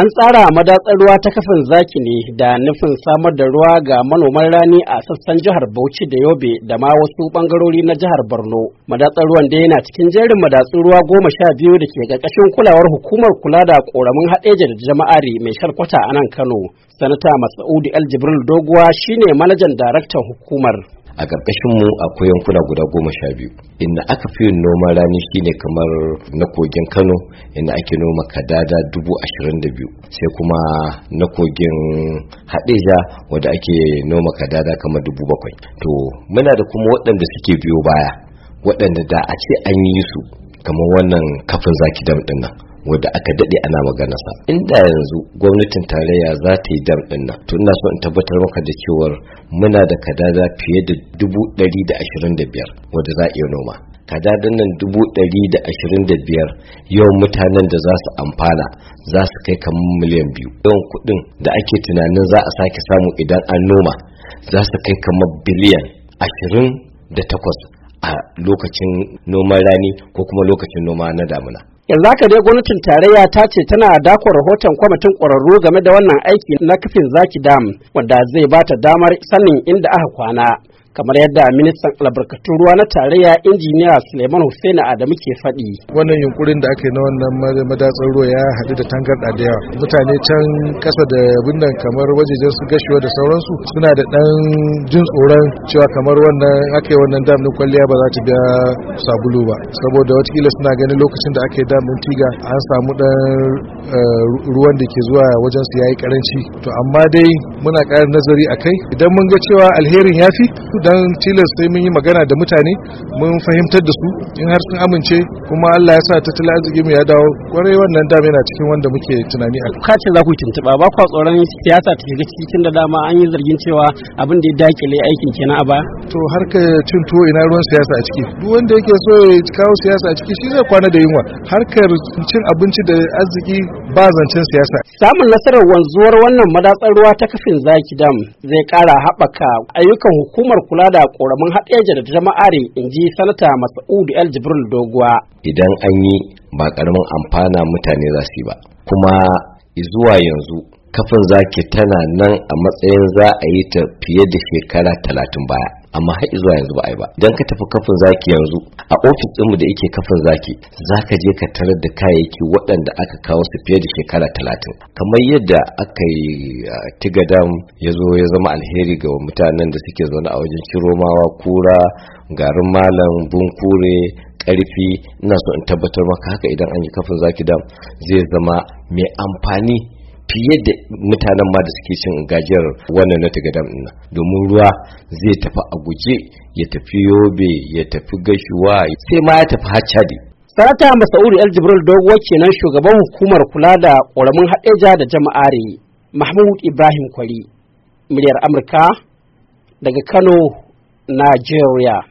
An tsara madatsar ruwa ta kafin zaki ne da nufin samar da ruwa ga manoman rani a sassan jihar Bauchi da Yobe da ma wasu bangarori na jihar Borno. Madatsar ruwan da yana cikin jerin madatsun ruwa goma sha biyu da ke ƙarƙashin kulawar hukumar kula da ƙoramin haɗeja da jama'ari mai sharkwata a nan Kano. Sanata Masa'udi El Jibril Doguwa shine manajan daraktan hukumar. a ƙarƙashin mu akwai yankuna guda goma sha biyu inda aka fi yin noman rani shine kamar na kogin kano inda ake noma kadada dubu ashirin da biyu sai kuma na kogin hadeja wanda ake noma kadada kamar dubu bakwai to muna da kuma waɗanda suke biyo baya waɗanda da a ce an yi su kamar wannan kafin zaki dam ɗin wanda aka dade ana magana sa inda yanzu gwamnatin tarayya za ta yi dam din nan to ina so in tabbatar maka da cewar muna da kadada fiye da dubu da wanda za a iya noma kadadan nan dubu yawan mutanen da za su amfana za su kai kamar miliyan biyu yawan kuɗin da ake tunanin za a sake samu idan an noma za su kai kamar biliyan ashirin da takwas a lokacin noman rani ko kuma lokacin noma na damuna yanzu haka dai gwamnatin tarayya ta ce tana dakon rahoton kwamitin ƙwararru game da wannan aiki na kafin zaki dam wanda zai ba ta damar sanin inda aka kwana kamar yadda ministan albarkatun ruwa na tarayya injiniya suleiman hussein adamu ke faɗi wannan yunkurin da aka yi na wannan madatsar ruwa ya haɗu da tangarɗa da yawa mutane can ƙasa da bindan kamar wajejen su gashiwa da sauransu suna da ɗan jin tsoron cewa kamar wannan ake wannan damin kwalliya ba za ta biya sabulu ba saboda watakila suna ganin lokacin da aka damin tiga an samu ɗan eh, ruwan da ke zuwa wajen su yi karanci to amma dai muna ƙarin nazari a kai idan mun ga cewa alherin ya fi dan tilas sai mun yi magana da mutane mun fahimtar da su in har sun amince kuma Allah ya sa tattalin arziki mu ya dawo kwarai wannan dama yana cikin wanda muke tunani a ka ce za ku tuntuɓa, ba ku tsoron siyasa ta shiga cikin da dama an yi zargin cewa abin da ya dakile aikin kenan a ba to har ka cin ina ruwan siyasa a ciki duk wanda yake so ya kawo siyasa a ciki shi zai kwana da yunwa harkar cin abinci da arziki ba zancen siyasa samun nasarar wanzuwar wannan madatsar ruwa ta kafin zaki dam zai kara haɓaka ayyukan hukumar kula kula da ƙoramin haɗeja da jama'are in ji sanata masa'udu el jibril doguwa idan an yi ba ƙaramin amfana mutane za su yi ba kuma zuwa yanzu kafin zaki tana nan a matsayin za a yi ta fiye da shekara talatin baya amma har zuwa yanzu ba a yi ba dan ka tafi kafin zaki yanzu a ofis ɗinmu da yake kafin zaki zaka je ka tarar da kayayyaki waɗanda aka kawo su fiye da shekara talatin kamar yadda aka yi tigadam ya zo ya zama alheri ga mutanen da suke zaune a wajen kiromawa kura garin malam bunkure ƙarfi ina so in tabbatar maka haka idan an yi kafin zaki dam zai zama mai amfani fiye da mutanen ma da suke cin gajiyar wannan na tagadam ɗin domin ruwa zai tafi a guje ya tafi yobe ya tafi gashuwa sai ma ya tafi haccadi sarata masauri el jibril dogo kenan shugaban hukumar kula da ƙoramin haɗeja da jama'are mahmud ibrahim kwari muryar amurka daga kano nigeria